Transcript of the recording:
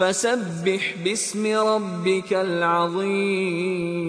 فسبح باسم ربك العظيم